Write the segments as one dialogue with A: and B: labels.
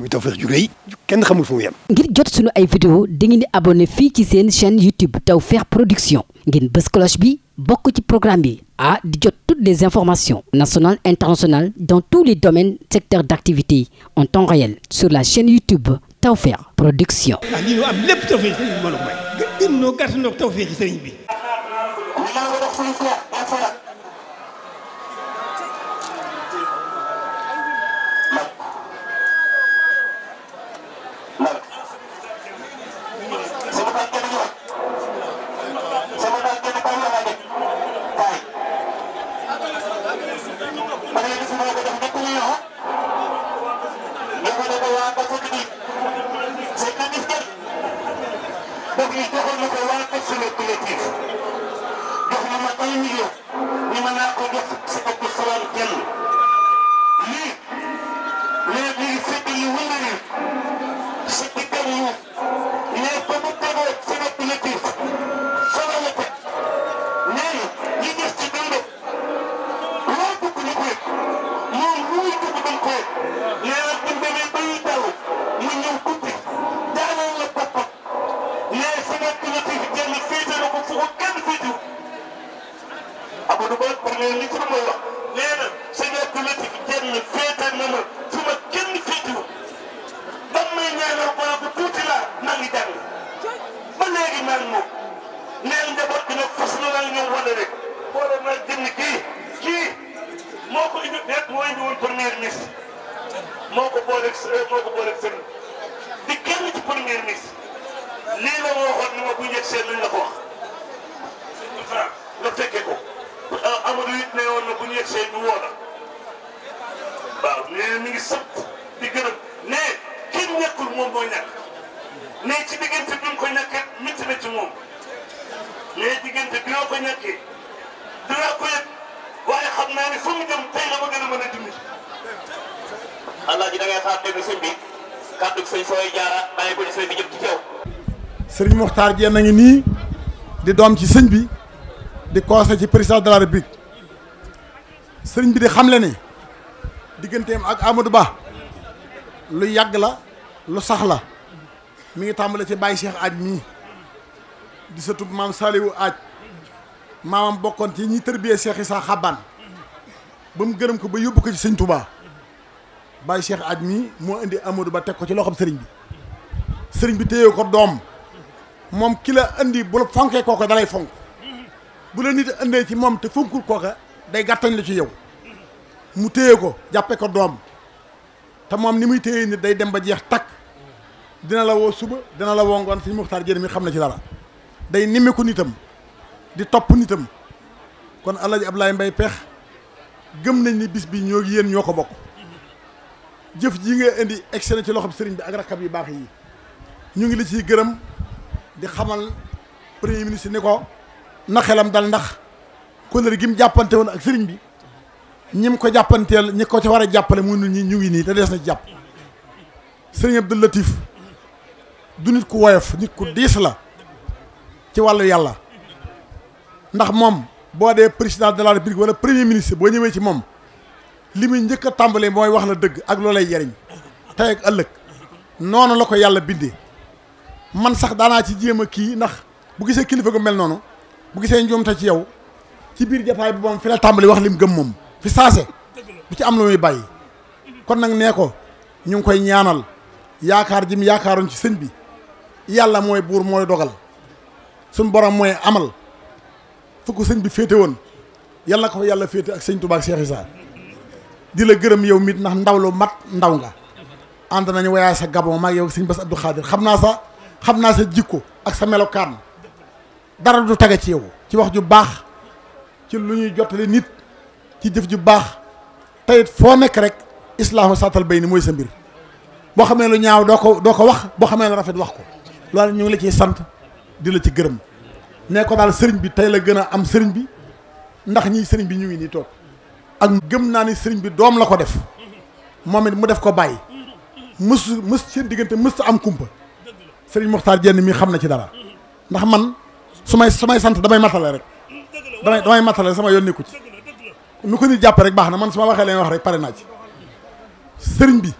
A: muy Tawfekh ju rëy ngir jot sunu ay vidéo dangeen di abonné fii ci seen chaîne YouTube Tawfekh Production ngeen bës bi bokk ci programme bi ah di jot toutes les informations nationales internationales dans tous les domaines secteurs d'activité en temps réel sur la chaîne YouTube Tawfekh Production.
B: Ah, a may. gën gën ministre moo ko boole euh, moo ko booleeg sëriñ di kenn ci premier ministre lii la ma waxoon ma bu njëkk seen luñ la ko wax nga fekke ko euh, Amadou it ne woon na bu ñu yegg seen ñu woo la waaw mi ngi sëpp di gërëm ne kenn ñàkkul moom moo ñàkk ne ci diggante bi ko ñàkkee métti na ci moom ne diggante bi nga ko ñàkkee dinaa ko yëg waaye xam naa ne fu mu jëm tey la ma gën a mën a dimbali allah ji da ngay
A: sëriñ Mokhtar Diène a ngi nii di doom ci sëñ bi di conseil ci président de la sëriñ bi di xamle ni digganteem ak Amadou Ba lu yàgg la lu sax la mu ngi tàmbale ci Baye Cheikh Aaj mii di sa tub maam Saliou Aaj maamam bokkoon ci ñi tërbiyee Cheikh sa Xabaan ba mu gërëm ko ba yóbbu ko ci sëñ Touba Baye Cheikh aj mi moo indi Amadou Ba teg ko ci loxoom sëriñ bi sëriñ bi téye ko doom moom ki la indi bu la fonkee kooka dalay fonk bu la nit indee ci moom te fonkul kooka day gàttañ la ci yow mu téye ko jàppe ko doom te moom ni muy téye nit day dem ba jeex takk dina la woo suba dina la woo ngoon sëñ Muxtaar mi xam na ci dara day nimmi ko nitam di topp nitam kon El ab lay Mbaye pex gëm nañ ni bis bi ñoo yéen ñoo ko bokk jëf ji nga indi excellent ci loxob sëriñ bi ak rakkab yi baax yi ñu ngi la ciy gërëm di xamal premier ministre ni ko na xelam dal ndax kóllëre gi mu jàppante woon ak sëriñ bi ñi mu ko jàppanteel ñi ko ci war a jàppale mu ñi ñu ngi nii te des na jàpp sëriñ Abdou Latif du nit ku woyof nit ku diis la ci wàllu yàlla ndax moom boo dee président de la république wala premier ministre boo ñëwee ci moom li muy njëkk a tàmbalee mooy wax la dëgg ak loolay jariñ tey ak ëllëg noonu la ko yàlla bindee man sax daanaa ci jéem a kii ndax bu gisee kilifa gu mel noonu bu gisee njuumte ci yow ci biir jataay bi moom fi la tàmbali wax lim gëm moom fi saase bu ci am lu muy bàyyi kon nag nee ko ñu ngi koy ñaanal yaakaar jim yaakaaroon ci sëñ bi yàlla mooy buur mooy dogal suñ borom mooy amal fu sëñ bi féete woon yàlla ko fa yàlla féete ak sëñ Tuubaa ak di la gërëm yow mit ndax ndaw lu mat ndaw nga ànd nañu wayaa sa Gabon maag yow sëñ ba sa Khadir xam naa sa xam naa sa jikko ak sa melokaan dara du tage ci yow ci wax ju baax ci lu ñuy jottali nit ci jëf ju baax tayit foo nekk rek islaamu saatal bay ni mooy sa mbir boo xamee lu ñaaw doo ko doo ko wax boo xamee lu rafet wax ko loolu ñu ngi la ciy sant di la ci gërëm nee ko daal sëriñ bi tey la gën a am sëriñ bi ndax ñii sëriñ bi ñu ngi nii toog ak gëm naa ni sëriñ bi doom la ko def moom it mu def ko bàyyi mës mës seen diggante mës am kumpa sëriñ Moxtaar Jenn mi xam na ci dara ndax man su may su may sant damay matale rek damay damay matale sama yoon nekku ci nu ko nit jàpp rek baax na man su ma waxee leen wax rek pare naa ci sëriñ bi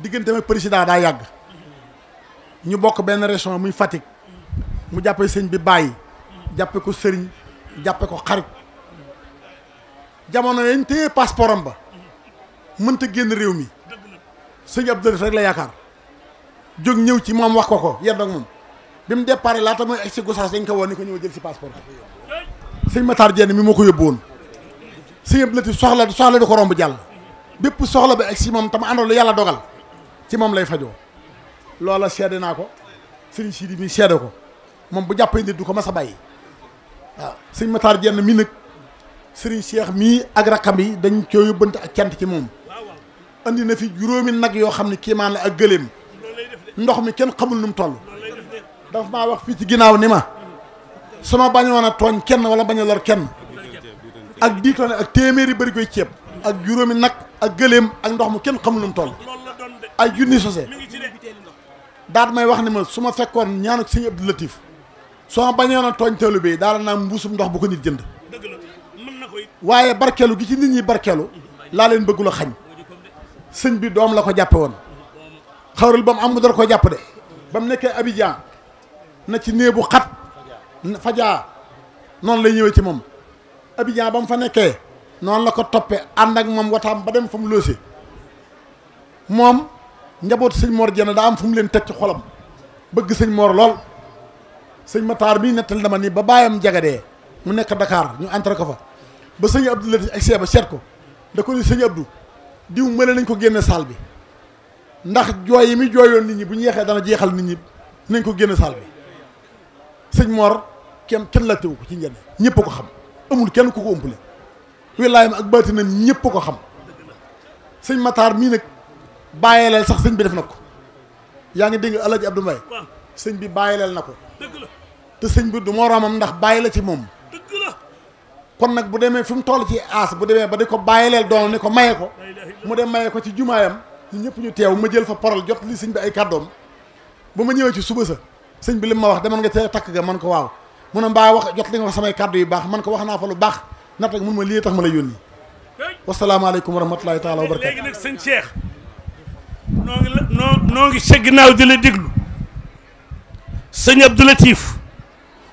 A: diggante ma président daa yàgg ñu bokk benn région muy Fatick mu jàppee sëñ bi bàyyi jàppe ko sëriñ jàppe ko xarit jamono yañ te passeport ba mën te génn réew mi sëñ Abdou rek la yaakaar jóg ñëw ci moom wax ko ko yedd ak moom bi mu départ laata muy egsi Gossas dañ ko woon ni ko ñëw jël si passeport sëñ Matar Diène mi moo ko yóbbu woon sëñ Abdou Latif soxla soxla du ko romb jàll bépp soxla bi ba si moom tam àndoon lu yàlla dogal ci moom lay fajoo loola seede naa ko sëriñ Sidi mi seede ko moom bu jàppee nit du ko mas a bay waaw sëñ Matar jenn mi nag sëriñ Cheikh mii ak rakam yi dañ coo yóbbante ak cant ci moom andi na fi juróomi nag yoo xam ne kiimaan la ak gëléem ndox mi kenn xamul nu mu toll dafa maa wax fii ci ginnaaw ni ma sama bañoon a tooñ kenn wala bañ a lor kenn ak diitoone ak téeméeri bëri koy ceeb ak juróomi nag ak gëléem ak ndox mu kenn xamul nu mu toll ay junni sose daat may wax ni ma su ma fekkoon ñaanu sëñ Abdou Latif soo bañoon na tooñ teelu bi daal naa mbuusum ndox bu ko nit jënd waaye barkeelu gi ci nit ñi barkeelu laa leen bëggul a xañ sëñ bi doom la ko jàppe woon xawral ba mu am mu dara ko jàpp de ba mu nekkee Abidjan na ci néebu xat fajaa noonu lay ñëwee ci moom Abidjan ba mu fa nekkee noonu la ko toppe ànd ak moom wataam ba dem fa mu loose moom njaboot sëñ Mor Dieng daa am fu mu leen teg ci xolam bëgg sëñ moor lool sëñ mataar bii nettal dama ni ba bàyyam jagadee mu nekk Dakar ñu entré ko fa ba sëñ Abdou Latif ak seeba seet ko da ko ni sëñ Abdou diw mëne ko génne saal bi ndax jooy yi muy jooyoon nit ñi bu ñu yeexee dana jeexal nit ñi nañ ko génne saal bi sëñ Mor kenn kenn la tewu ko ci njëriñ ñëpp ko xam amul kenn ku ko ëmpule wilaayam ak baatinam ñëpp ko xam sëñ Matar mii nag bàyyileel sax sëñ bi def na ko yaa ngi dégg El Hadj Abdou Mbaye sëñ bi bàyyileel na ko. te sëñ bi du moroomam ndax bàyyi la ci moom kon nag bu demee fi mu toll ci aas bu demee ba di ko bàyyileel doom ni ko maye ko mu dem maye ko ci jumaayam ñu ñëpp ñu teew ma jël fa parole jot li sëñ bi ay kàddoom ba ma ñëwee ci suba sa sëñ bi li ma wax demoon nga ca takk ga man ko waaw mu ne mbaa wax jot li nga wax samay kàddu yu baax man ko wax naa fa lu baax natt ak mun ma lii tax ma la yónni wasalaamaaleykum wa rahmatulahi taala wa barakaatu léegi nag sëñ Cheikh
B: noo ngi la noo noo ngi sëñ Abdou Latif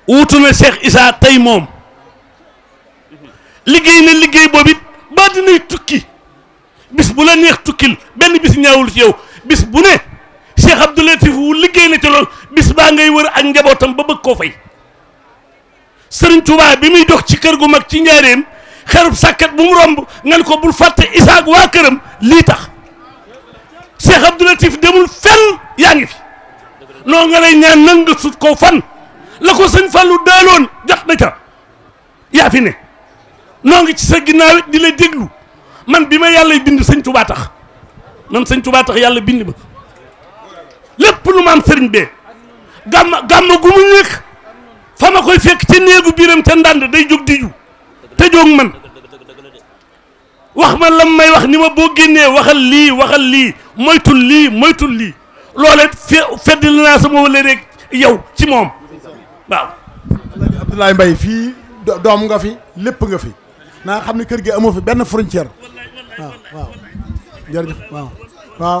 B: wuutu na Cheikh Issa tey moom liggéey na liggéey boobu it ba dinay tukki bis bu la neex tukkil benn bis ñaawul ci yow bis bu ne Cheikh Abdou wu liggéey na ci lool bis baa ngay wër ak njabootam ba bëgg koo fay sëriñ Touba bi muy dox ci kër gu mag ci njaareem xerub sàkket bu mu romb ngan ko bul fàtte Issa waa këram lii tax noo nga lay ñaan nan nga ko fan la ko sëñ Fallou daaloon jot na ca yaa fi ne noo ngi ci sa ginnaaw di la déglu man bi ma yàlla bind sëñ Tuubaa tax man sëñ Tuubaa yàlla bind ma lépp lu ma am sëriñ bee gàmm gàmm gu mu nekk fa ma koy fekk ca néegu biiram ca ndànd day jóg di ju te jóg man wax ma lam may wax ni ma boo génnee waxal lii waxal lii moytul lii moytul
A: lii loolee fe feddil naa sama wala rek yow ci moom waaw. Abdoulaye Mbaye fii doom nga fi lépp nga fi naa xam ni kër gi amoo fi benn frontière waaw waaw.